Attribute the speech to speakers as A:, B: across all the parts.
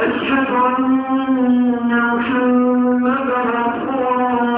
A: أشهد أن محمدا رسول الله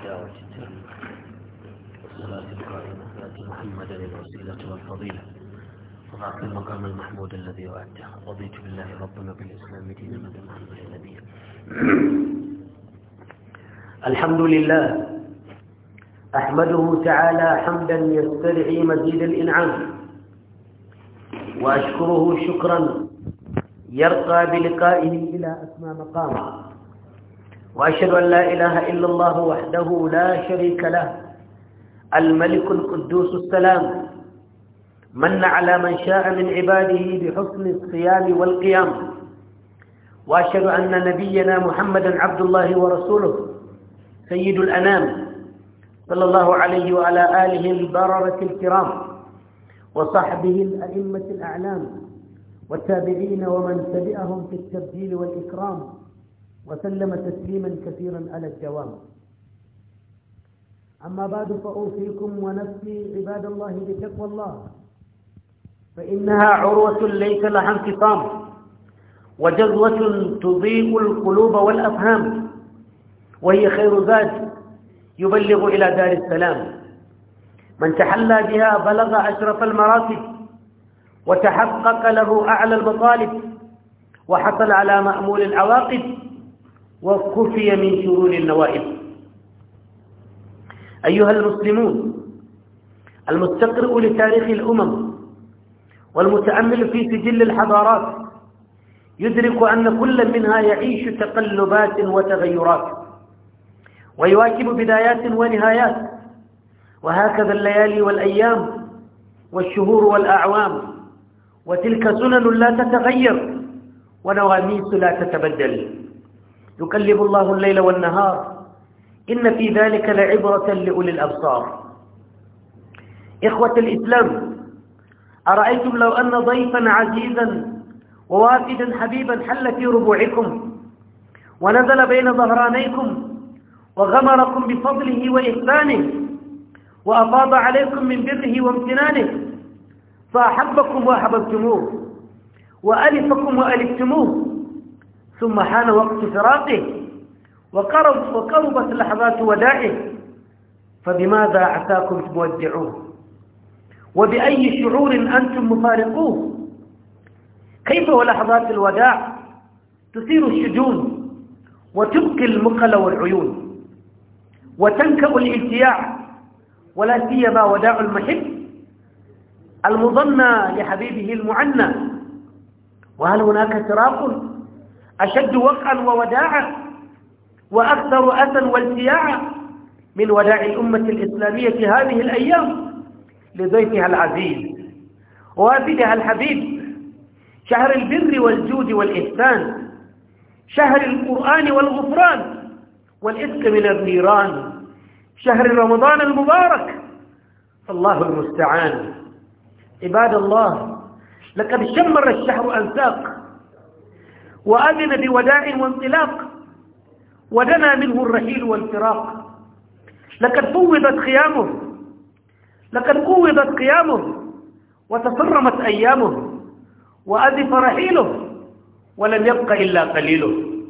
A: الدعوة التامة والصلاة القائمة الوسيلة والفضيلة المقام المحمود الذي وعدته رضيت بالله ربنا بالإسلام مدى محمد الحمد لله أحمده تعالى حمدا يسترعي مزيد الإنعام وأشكره شكرا يرقى بلقائه إلى أسمى مقامه وأشهد أن لا إله إلا الله وحده لا شريك له الملك القدوس السلام من على من شاء من عباده بحسن الصيام والقيام وأشهد أن نبينا محمدا عبد الله ورسوله سيد الأنام صلى الله عليه وعلى آله البررة الكرام وصحبه الأئمة الأعلام والتابعين ومن تبعهم في التبجيل والإكرام وسلم تسليما كثيرا على الدوام أما بعد فأوصيكم ونفسي عباد الله بتقوى الله فإنها عروة ليس لها انفصام وجذوة تضيء القلوب والأفهام وهي خير ذات يبلغ إلى دار السلام من تحلى بها بلغ أشرف المراتب وتحقق له أعلى المطالب وحصل على مأمول العواقب وكفي من شرور النوائب أيها المسلمون المستقرئ لتاريخ الأمم والمتأمل في سجل الحضارات يدرك أن كل منها يعيش تقلبات وتغيرات ويواكب بدايات ونهايات وهكذا الليالي والأيام والشهور والأعوام وتلك سنن لا تتغير ونواميس لا تتبدل يكلب الله الليل والنهار إن في ذلك لعبرة لأولي الأبصار إخوة الإسلام أرأيتم لو أن ضيفا عزيزا ووافدا حبيبا حل في ربوعكم ونزل بين ظهرانيكم وغمركم بفضله وإحسانه وأفاض عليكم من بره وامتنانه فأحبكم وأحببتموه وألفكم وألفتموه ثم حان وقت فراقه وقرب وقربت لحظات ودائه فبماذا عساكم تودعوه وبأي شعور أنتم مفارقوه كيف ولحظات الوداع تثير الشجون وتبقي المقل والعيون وتنكأ الالتياع ولا سيما وداع المحب المظنى لحبيبه المعنى وهل هناك فراق أشد وقعا ووداعا وأكثر أسا والتياعا من وداع الأمة الإسلامية هذه الأيام لضيفها العزيز وافدها الحبيب شهر البر والجود والإحسان شهر القرآن والغفران والإذك من النيران شهر رمضان المبارك الله المستعان عباد الله لقد شمر الشهر أنساق وأذن بوداع وانطلاق ودنا منه الرحيل والفراق لقد فوضت خيامه لقد قوضت قيامه وتصرمت أيامه وأذف رحيله ولم يبق إلا قليله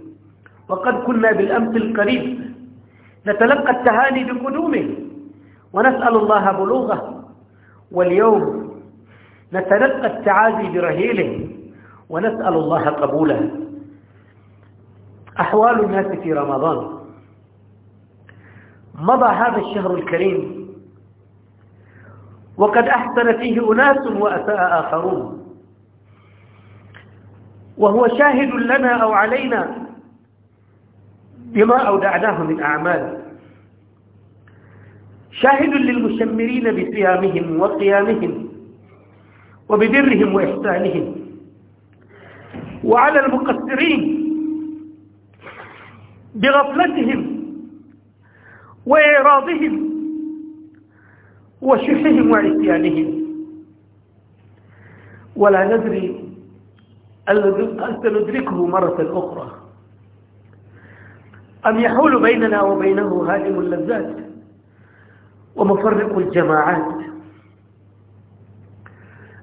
A: وقد كنا بالأمس القريب نتلقى التهاني بقدومه ونسأل الله بلوغه واليوم نتلقى التعازي برهيله ونسأل الله قبوله أحوال الناس في رمضان مضى هذا الشهر الكريم وقد أحسن فيه أناس وأساء آخرون وهو شاهد لنا أو علينا بما أودعناه من أعمال شاهد للمشمرين بصيامهم وقيامهم وببرهم وإحسانهم وعلى المقصرين بغفلتهم وإعراضهم وشحهم وعصيانهم ولا ندري أن سندركه مرة أخرى أم يحول بيننا وبينه هادم اللذات ومفرق الجماعات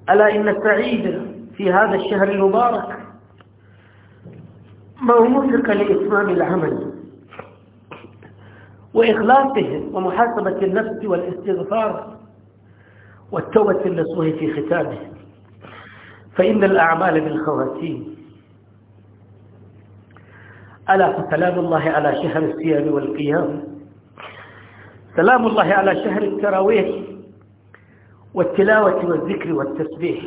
A: ألا إن السعيد في هذا الشهر المبارك ما هو موفق لإتمام العمل وإخلاصه ومحاسبة النفس والاستغفار والتوبة النصوح في ختامه فإن الأعمال بالخواتيم ألا فسلام الله على شهر الصيام والقيام سلام الله على شهر التراويح والتلاوة والذكر والتسبيح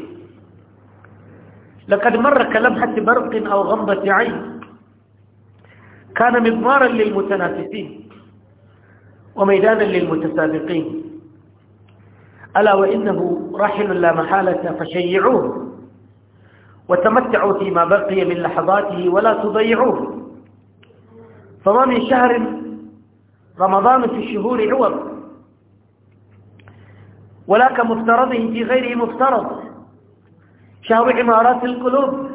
A: لقد مر كلمحة برق أو غمضة عين كان مضمارا للمتنافسين وميدانا للمتسابقين ألا وإنه رحل لا محالة فشيعوه وتمتعوا فيما بقي من لحظاته ولا تضيعوه فما من شهر رمضان في الشهور عوض ولا كمفترضه في غيره مفترض شهر عمارات القلوب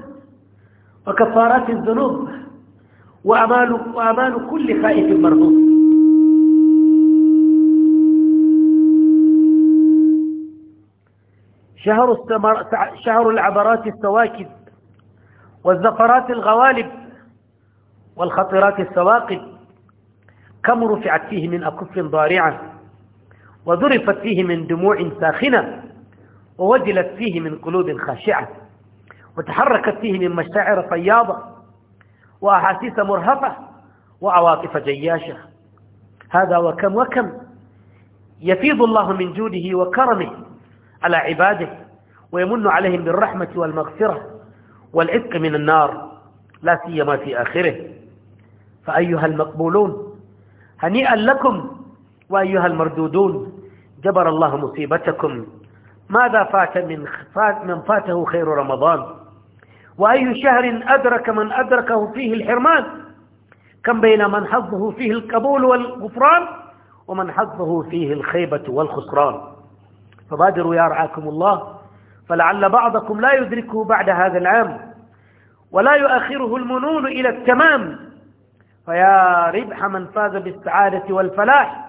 A: وكفارات الذنوب وأمان, وأمان كل خائف مرهوب شهر, السمر... شهر العبرات السواكب والزفرات الغوالب والخطرات السواقد كم رفعت فيه من أكف ضارعة وذرفت فيه من دموع ساخنة ووجلت فيه من قلوب خاشعة وتحركت فيه من مشاعر فياضة وأحاسيس مرهفة وعواطف جياشة هذا وكم وكم يفيض الله من جوده وكرمه على عباده ويمن عليهم بالرحمة والمغفرة والعتق من النار لا سيما في آخره فأيها المقبولون هنيئا لكم وأيها المردودون جبر الله مصيبتكم ماذا فات من, من فاته خير رمضان وأي شهر أدرك من أدركه فيه الحرمان كم بين من حظه فيه القبول والغفران ومن حظه فيه الخيبة والخسران فبادروا يا رعاكم الله فلعل بعضكم لا يدركه بعد هذا العام ولا يؤخره المنون إلى التمام فيا ربح من فاز بالسعادة والفلاح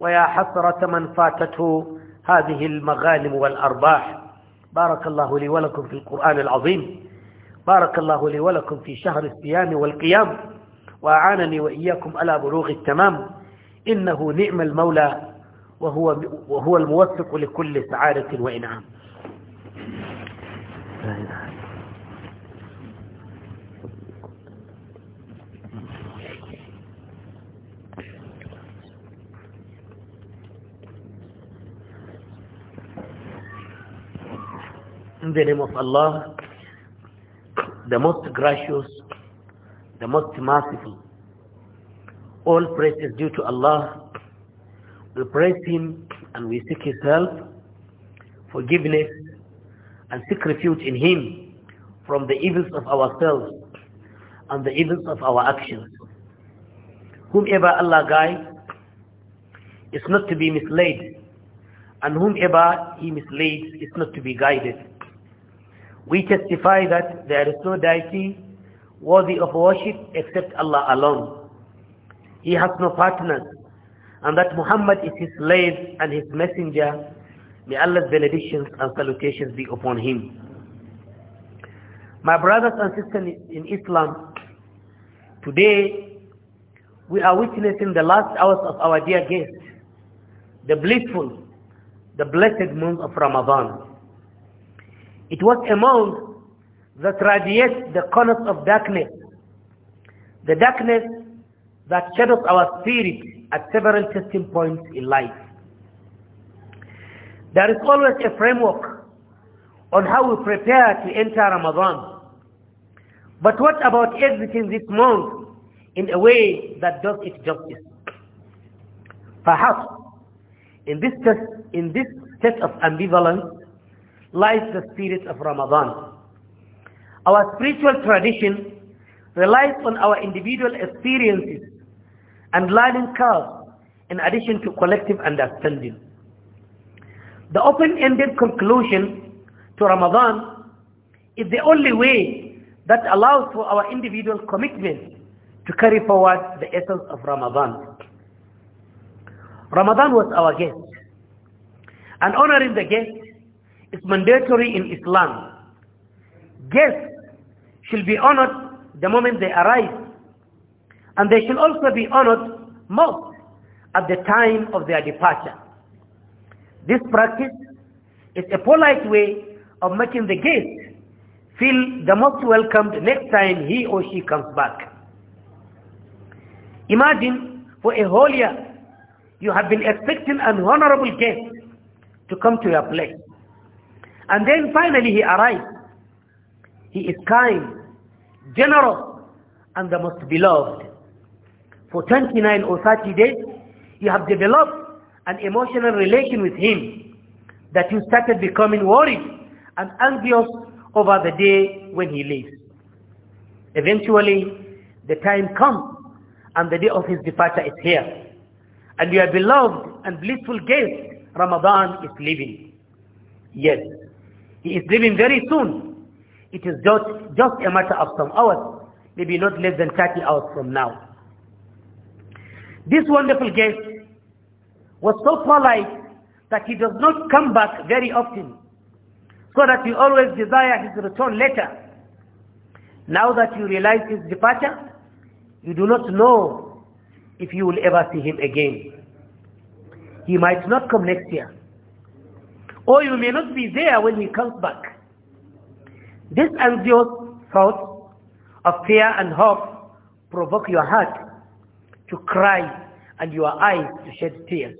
A: ويا حسرة من فاتته هذه المغانم والأرباح بارك الله لي ولكم في القرآن العظيم بارك الله لي ولكم في شهر الصيام والقيام وأعانني وإياكم على بلوغ التمام إنه نعم المولى وهو, وهو الموفق لكل سعادة وإنعام Veremos الله the most gracious, the most merciful. All praise is due to Allah. We praise Him and we seek His help, forgiveness, and seek refuge in Him from the evils of ourselves and the evils of our actions. Whomever Allah guides is not to be misled, and whomever He misleads is not to be guided. We testify that there is no deity worthy of worship except Allah alone. He has no partners, and that Muhammad is his slave and his messenger. May Allah's benedictions and salutations be upon him. My brothers and sisters in Islam, today we are witnessing the last hours of our dear guest, the blissful, the blessed month of Ramadan. It was a month that radiates the corners of darkness. The darkness that shadows our spirit at several testing points in life. There is always a framework on how we prepare to enter Ramadan. But what about exiting this month in a way that does it justice? Perhaps in this, in this state of ambivalence, lies the spirit of Ramadan. Our spiritual tradition relies on our individual experiences and learning curves in addition to collective understanding. The open-ended conclusion to Ramadan is the only way that allows for our individual commitment to carry forward the essence of Ramadan. Ramadan was our guest. And honoring the guest is mandatory in Islam. Guests shall be honored the moment they arrive. And they shall also be honored most at the time of their departure. This practice is a polite way of making the guest feel the most welcomed next time he or she comes back. Imagine for a whole year you have been expecting an honorable guest to come to your place. And then finally he arrives. He is kind, generous, and the most beloved. For 29 or 30 days, you have developed an emotional relation with him that you started becoming worried and anxious over the day when he leaves. Eventually, the time comes and the day of his departure is here. And your beloved and blissful guest, Ramadan, is leaving. Yes, he is leaving very soon. It is just, just a matter of some hours, maybe not less than 30 hours from now. This wonderful guest was so polite that he does not come back very often, so that you always desire his return later. Now that you realize his departure, you do not know if you will ever see him again. He might not come next year or you may not be there when he comes back. This anxious thought of fear and hope provoke your heart to cry and your eyes to shed tears.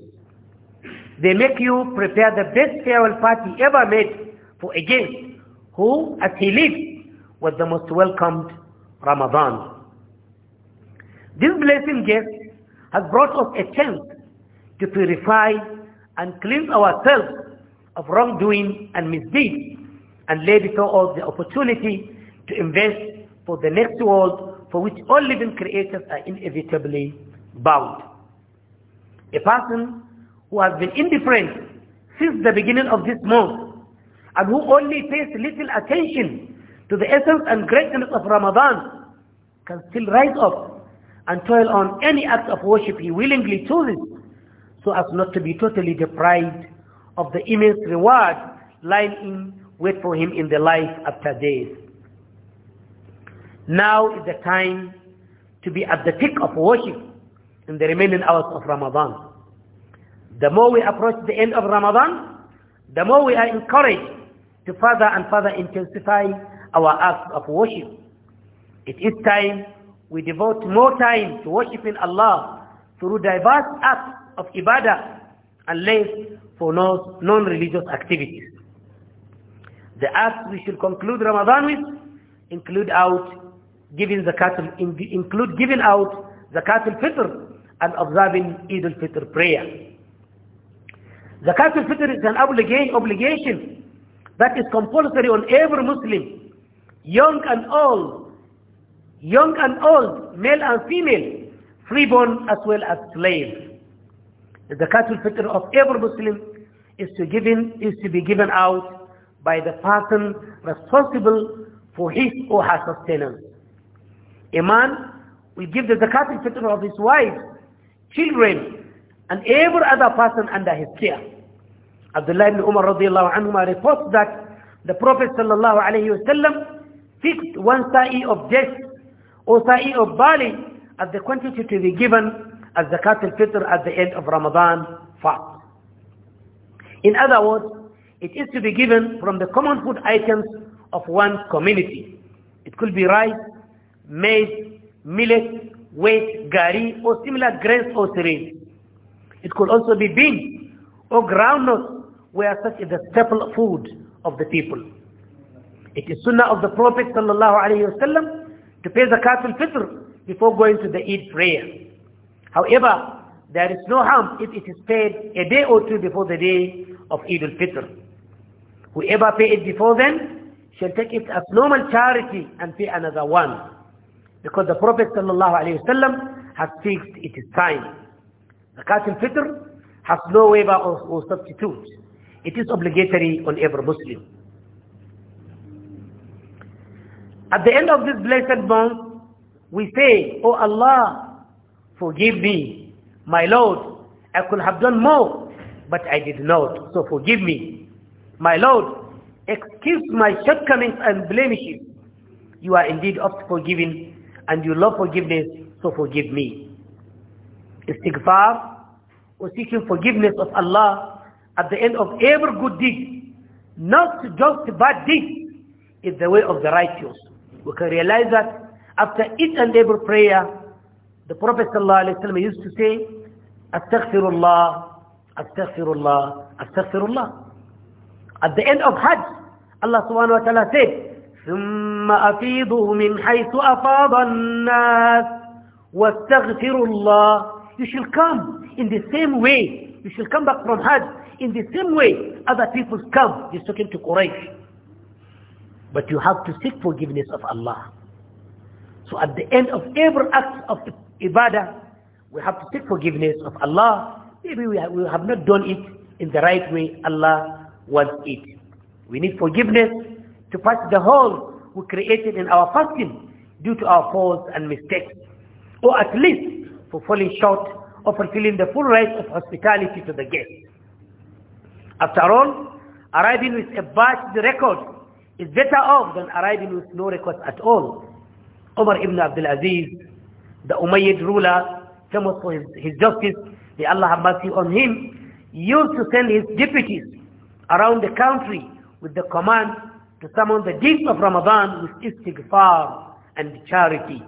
A: They make you prepare the best farewell party ever made for a guest who, as he lived, was the most welcomed Ramadan. This blessing gift has brought us a chance to purify and cleanse ourselves of wrongdoing and misdeed, and lay before us the opportunity to invest for the next world for which all living creatures are inevitably bound. A person who has been indifferent since the beginning of this month and who only pays little attention to the essence and greatness of Ramadan can still rise up and toil on any act of worship he willingly chooses so as not to be totally deprived of the immense reward lying in wait for him in the life after death. Now is the time to be at the peak of worship in the remaining hours of Ramadan. The more we approach the end of Ramadan, the more we are encouraged to further and further intensify our acts of worship. It is time we devote more time to worshiping Allah through diverse acts of ibadah unless for non-religious activities. The acts we should conclude Ramadan with include out giving cattle include giving out the cattle fitr and observing Eid al-fitr prayer. The cattle fitr is an obligation that is compulsory on every Muslim, young and old, young and old, male and female, freeborn as well as slave. The zakatul fitr of every Muslim is to, given, is to be given out by the person responsible for his or her sustenance. A man will give the zakatul fitr of his wife, children, and every other person under his care. Abdullah ibn Umar radiallahu anhu reports that the Prophet sallallahu alayhi wasallam fixed one sa'i of dates or sa'i of barley as the quantity to be given as zakat al-fitr at the end of Ramadan fast. In other words, it is to be given from the common food items of one community. It could be rice, maize, millet, wheat, gari, or similar grains or cereals. It could also be beans or groundnuts, where such is the staple food of the people. It is sunnah of the Prophet sallallahu alaihi wasallam to pay zakat al-fitr before going to the Eid prayer. However, there is no harm if it is paid a day or two before the day of Eid al-Fitr. Whoever pay it before then shall take it as normal charity and pay another one. Because the Prophet ﷺ has fixed its time. The al-Fitr has no waiver or, or substitute. It is obligatory on every Muslim. At the end of this blessed month, we say, O oh Allah, Forgive me, my Lord. I could have done more, but I did not. So forgive me, my Lord. Excuse my shortcomings and blemishes. You are indeed oft forgiving and you love forgiveness, so forgive me. Istighfar or seeking forgiveness of Allah at the end of every good deed, not just bad deed, is the way of the righteous. We can realize that after each and every prayer, The Prophet ﷺ used to say, Astaghfirullah, Astaghfirullah, Astaghfirullah. At the end of Hajj, Allah subhanahu wa ta'ala said, ثم أفيضوا من حيث أفاض الناس واستغفروا الله You shall come in the same way. You shall come back from Hajj in the same way other people come. He's talking to Quraysh. But you have to seek forgiveness of Allah. So at the end of every act of ibadah, we have to seek forgiveness of Allah. Maybe we have not done it in the right way Allah wants it. We need forgiveness to patch the hole we created in our fasting due to our faults and mistakes. Or at least for falling short of fulfilling the full rights of hospitality to the guest. After all, arriving with a bad record is better off than arriving with no record at all Umar ibn Abdul Aziz, the Umayyad ruler, famous for his, his justice, may Allah have mercy on him, used to send his deputies around the country with the command to summon the deeds of Ramadan with istighfar and charity.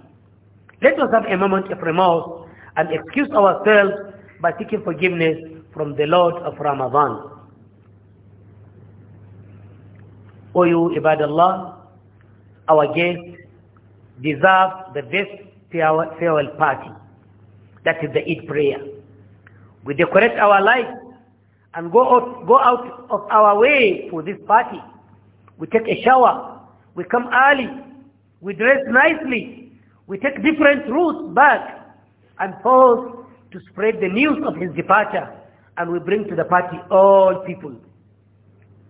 A: Let us have a moment of remorse and excuse ourselves by seeking forgiveness from the Lord of Ramadan. O you, Ibadallah, our guest. Deserve the best farewell party. That is the Eid prayer. We decorate our life and go out, go out of our way for this party. We take a shower. We come early. We dress nicely. We take different routes back and forth to spread the news of his departure. And we bring to the party all people.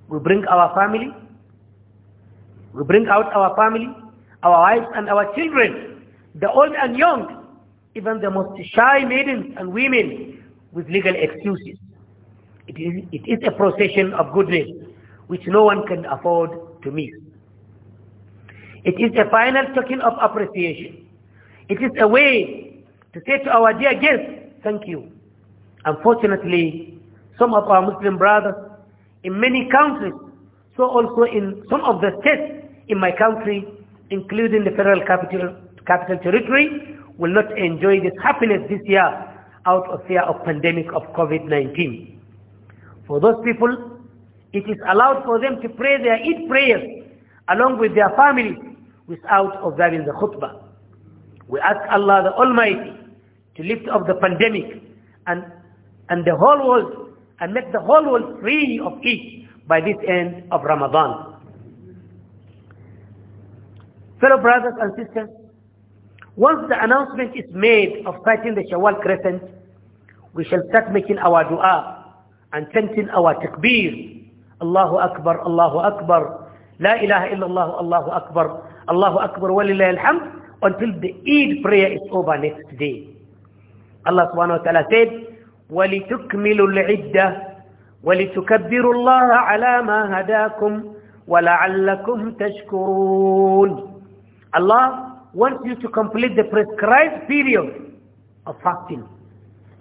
A: We bring our family. We bring out our family our wives and our children, the old and young, even the most shy maidens and women with legal excuses. It is, it is a procession of goodness which no one can afford to miss. It is a final token of appreciation. It is a way to say to our dear guests, thank you. Unfortunately, some of our Muslim brothers in many countries, so also in some of the states in my country, including the Federal Capital, Capital Territory, will not enjoy this happiness this year out of fear of pandemic of COVID-19. For those people, it is allowed for them to pray their Eid prayers along with their families without observing the khutbah. We ask Allah the Almighty to lift up the pandemic and, and the whole world and make the whole world free of it by this end of Ramadan. Fellow brothers and sisters, once the announcement is made of sighting the Shawwal crescent, we shall start making our dua and chanting our takbir. Allahu Akbar, Allahu Akbar, La ilaha illallah, Allahu Akbar, Allahu Akbar, walillahi alhamd, until the Eid prayer is over next day. Allah subhanahu wa ta'ala said, وَلِتُكْمِلُوا الْعِدَّةِ وَلِتُكَبِّرُوا اللَّهَ عَلَى مَا هَدَاكُمْ وَلَعَلَّكُمْ تَشْكُرُونَ Allah wants you to complete the prescribed period of fasting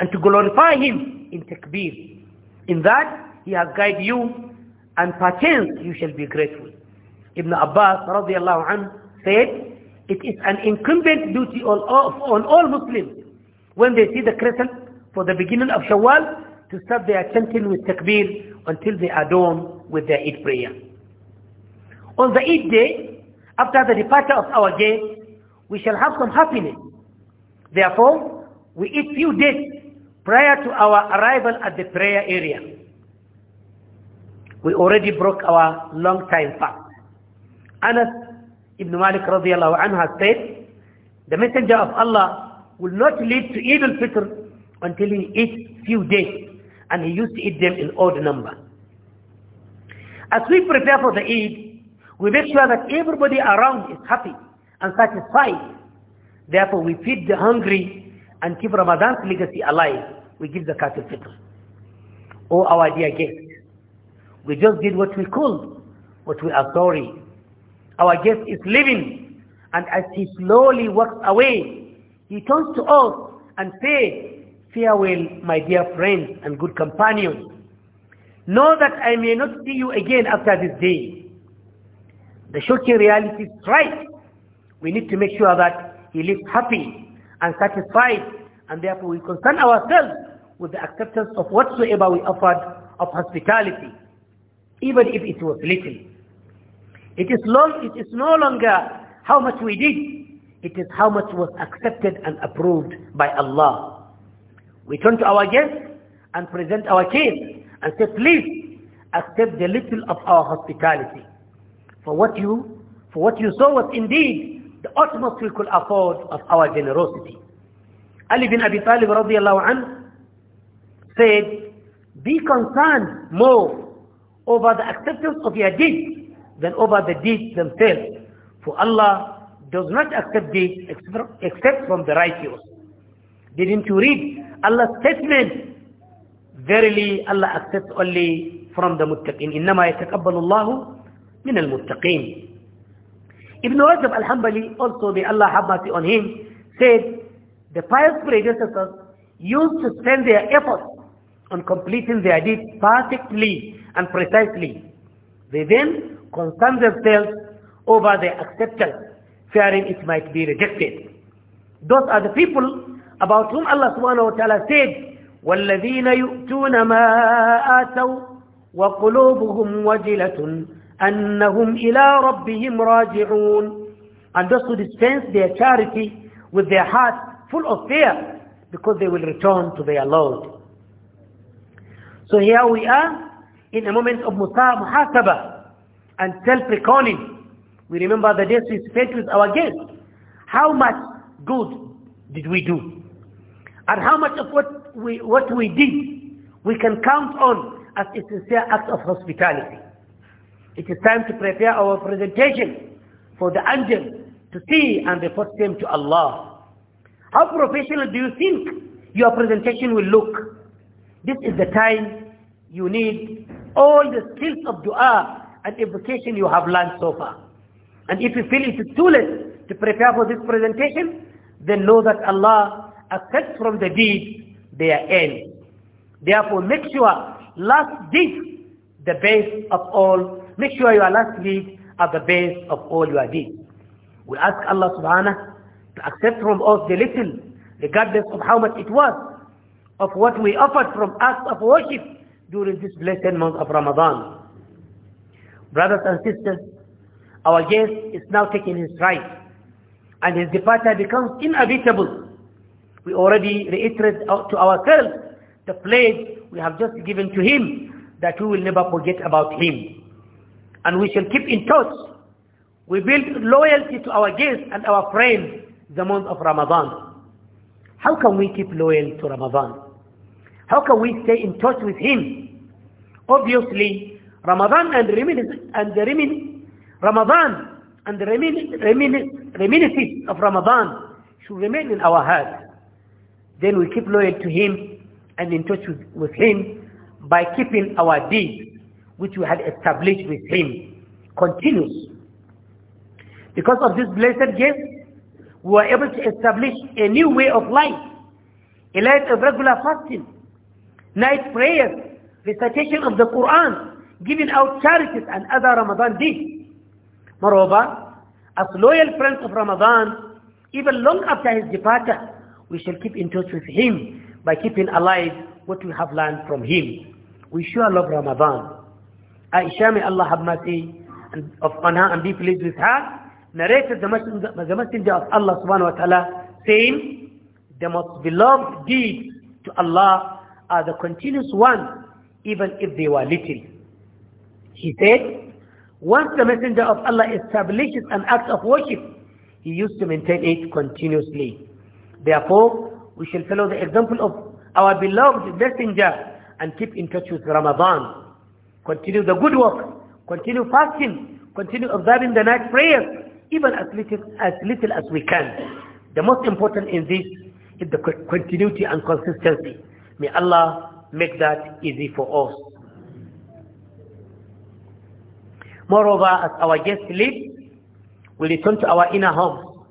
A: and to glorify Him in takbir. In that, He has guided you and perchance you shall be grateful. Ibn Abbas radiallahu anhu said, it is an incumbent duty on all, on all Muslims when they see the crescent for the beginning of Shawwal to start their chanting with takbir until they are done with their Eid prayer. On the Eid day, after the departure of our guest, we shall have some happiness. Therefore, we eat few days prior to our arrival at the prayer area. We already broke our long time fast. Anas ibn Malik radiallahu anhu has said, the messenger of Allah will not lead to Eid al-Fitr until he eats few days and he used to eat them in odd number. As we prepare for the Eid, we make sure that everybody around is happy and satisfied. Therefore, we feed the hungry and keep Ramadan's legacy alive. We give the cattle fitr. Oh, our dear guest! we just did what we could, but we are sorry. Our guest is living, and as he slowly walks away, he turns to us and says, Farewell, my dear friends and good companions. Know that I may not see you again after this day. The shocking reality is right. We need to make sure that he lives happy and satisfied and therefore we concern ourselves with the acceptance of whatsoever we offered of hospitality, even if it was little. It is, long, it is no longer how much we did, it is how much was accepted and approved by Allah. We turn to our guests and present our case and say, please accept the little of our hospitality. for what you for what you saw was indeed the utmost we could afford of our generosity. Ali bin Abi Talib radiallahu an said, be concerned more over the acceptance of your deed than over the deed themselves. For Allah does not accept deeds except from the righteous. Didn't you read Allah's statement? Verily Allah accepts only from the muttaqin. innama يتقبل الله من المتقين Ibn Rajab al hambali also may Allah have mercy on him said the pious predecessors used to spend their efforts on completing their deeds perfectly and precisely they then concerned themselves over their acceptance fearing it might be rejected those are the people about whom Allah subhanahu wa ta'ala said وَالَّذِينَ يُؤْتُونَ مَا آتَوْا وَقُلُوبُهُمْ وَجِلَةٌ أنهم إلى ربهم راجعون and those who dispense their charity with their hearts full of fear because they will return to their Lord. So here we are in a moment of muhasaba and self recalling We remember the days we spent with our guests. How much good did we do? And how much of what we, what we did we can count on as a sincere act of hospitality. It is time to prepare our presentation for the angel to see and report them to Allah. How professional do you think your presentation will look? This is the time you need all the skills of dua and invocation you have learned so far. And if you feel it is too late to prepare for this presentation, then know that Allah accepts from the deed their end. Therefore, make sure last deed the base of all Make sure you are last at the base of all your deeds. We ask Allah subhanahu to accept from us the little, regardless of how much it was, of what we offered from acts of worship during this blessed month of Ramadan. Brothers and sisters, our guest is now taking his right, and his departure becomes inevitable. We already reiterate to ourselves the pledge we have just given to him that we will never forget about him and we shall keep in touch. We build loyalty to our guests and our friends the month of Ramadan. How can we keep loyal to Ramadan? How can we stay in touch with him? Obviously, Ramadan and, and the remin- Ramadan and the remin- remin- reminiscence of Ramadan should remain in our heart. Then we keep loyal to him and in touch with, with him by keeping our deeds which we had established with him continues. Because of this blessed gift, we were able to establish a new way of life, a life of regular fasting, night prayers, recitation of the Quran, giving out charities and other Ramadan deeds. Moreover, as loyal friends of Ramadan, even long after his departure, we shall keep in touch with him by keeping alive what we have learned from him. We sure love Ramadan. Aisha may Allah have mercy of her and be pleased with her narrated the messenger, the messenger of Allah subhanahu wa ta'ala saying the most beloved deeds to Allah are the continuous ones even if they were little he said once the messenger of Allah establishes an act of worship he used to maintain it continuously therefore we shall follow the example of our beloved messenger and keep in touch with Ramadan Continue the good work. Continue fasting. Continue observing the night prayers, even as little as, little as we can. The most important in this is the continuity and consistency. May Allah make that easy for us. Moreover, as our guests leave, we return to our inner home,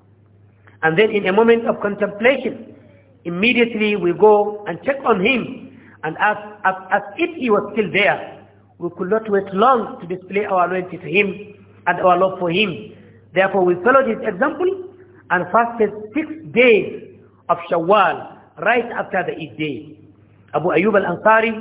A: And then in a moment of contemplation, immediately we go and check on him and ask, as if he was still there we could not wait long to display our loyalty to him and our love for him. Therefore, we followed his example and fasted six days of Shawwal right after the Eid day. Abu Ayyub al-Ansari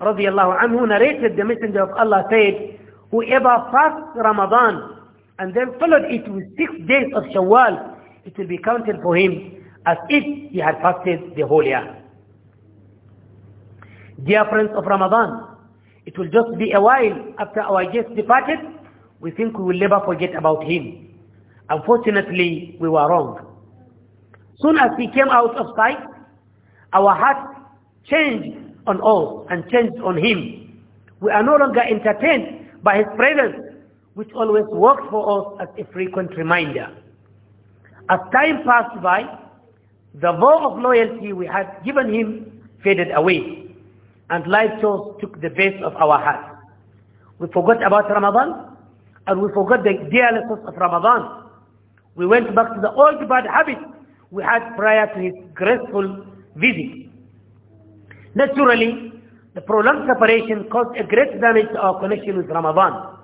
A: radiallahu anhu narrated the messenger of Allah said, whoever fasts Ramadan and then followed it with six days of Shawwal, it will be counted for him as if he had fasted the whole year. Dear friends of Ramadan, it will just be a while after our guest departed, we think we will never forget about him. Unfortunately, we were wrong. Soon as he came out of sight, our heart changed on all and changed on him. We are no longer entertained by his presence, which always works for us as a frequent reminder. As time passed by, the vow of loyalty we had given him faded away and life chores took the best of our hearts. We forgot about Ramadan and we forgot the dear lessons of Ramadan. We went back to the old bad habits we had prior to his graceful visit. Naturally, the prolonged separation caused a great damage to our connection with Ramadan.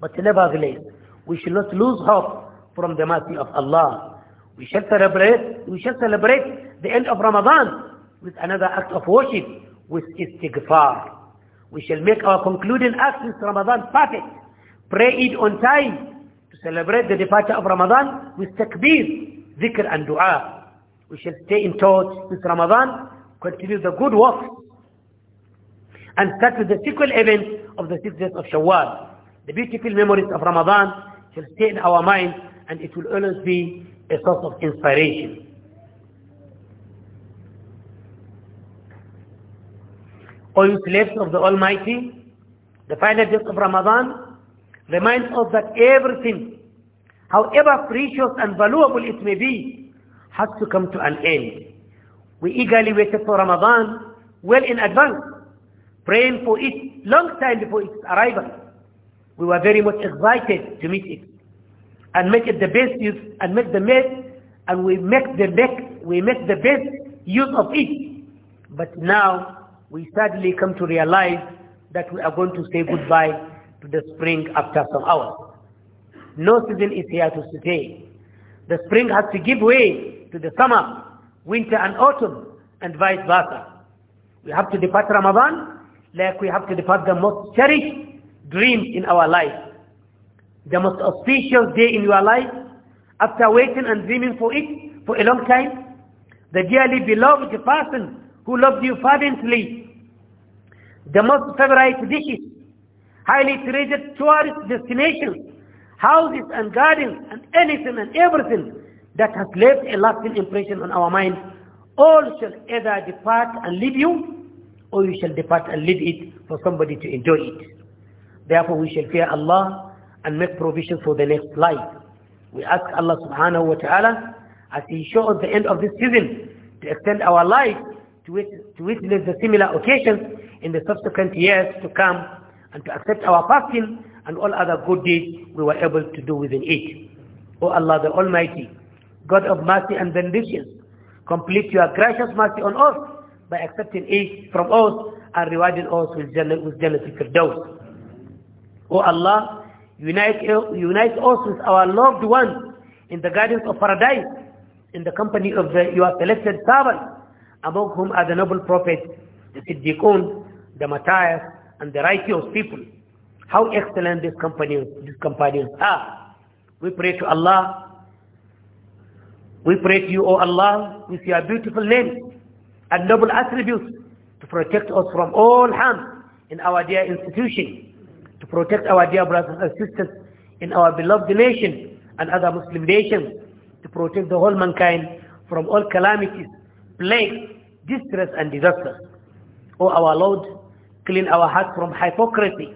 A: But nevertheless, we shall not lose hope from the mercy of Allah. We shall celebrate, we shall celebrate the end of Ramadan with another act of worship with istighfar. We shall make our concluding acts this Ramadan perfect. Pray it on time to celebrate the departure of Ramadan with takbir, zikr and dua. We shall stay in touch with Ramadan, continue the good work, and start with the sequel events of the sixth days of Shawwal. The beautiful memories of Ramadan shall stay in our minds, and it will always be a source of inspiration. O you slaves of the Almighty, the final days of Ramadan reminds us that everything, however precious and valuable it may be, has to come to an end. We eagerly waited for Ramadan well in advance, praying for it long time before its arrival. We were very much excited to meet it and make it the best use and make the best and we make the best we make the best use of it. But now we sadly come to realize that we are going to say goodbye to the spring after some hours. No season is here to stay. The spring has to give way to the summer, winter and autumn, and vice versa. We have to depart Ramadan like we have to depart the most cherished dream in our life. The most auspicious day in your life, after waiting and dreaming for it for a long time, the dearly beloved person who loved you fervently. The most favorite dishes, highly treasured tourist destinations, houses and gardens and anything and everything that has left a lasting impression on our minds, all shall either depart and leave you or you shall depart and leave it for somebody to enjoy it. Therefore we shall fear Allah and make provision for the next life. We ask Allah subhanahu wa ta'ala as He shows the end of this season to extend our life to to witness the similar occasions in the subsequent years to come and to accept our fasting and all other good deeds we were able to do within it. O Allah the Almighty, God of mercy and benediction, complete your gracious mercy on us by accepting it from us and rewarding us with generous rewards. O Allah, unite unite us with our loved ones in the gardens of paradise in the company of the, your selected servants among whom are the noble prophets, the Siddiqun, the Matthias, and the righteous people. How excellent these companions, these companions are. We pray to Allah. We pray to you, O Allah, with your beautiful name and noble attributes to protect us from all harm in our dear institution, to protect our dear brothers and sisters in our beloved nation and other Muslim nations, to protect the whole mankind from all calamities plague, distress, and disaster oh, our Lord, clean our hearts from hypocrisy,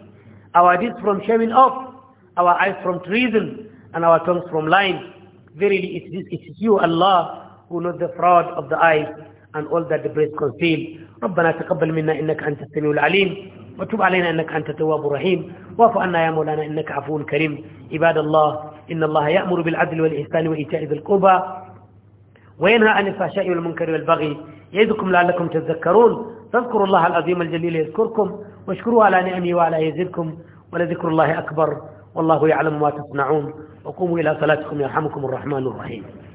A: our deeds from shaming off, our eyes from treason, and our tongues from lying. Verily, it is, it is you, Allah, who knows the fraud of the eyes and all that the breast conceals. ربنا تقبل منا إنك أنت السميع العليم وتب علينا إنك أنت التواب الرحيم واعف عنا يا مولانا إنك عفو كريم عباد الله إن الله يأمر بالعدل والإحسان وإيتاء ذي القربى وينهى عن الفحشاء والمنكر والبغي يعظكم لعلكم تذكرون فاذكروا الله العظيم الجليل يذكركم واشكروه على نعمه وعلى يزدكم ولذكر الله أكبر والله يعلم ما تصنعون وقوموا إلى صلاتكم يرحمكم الرحمن الرحيم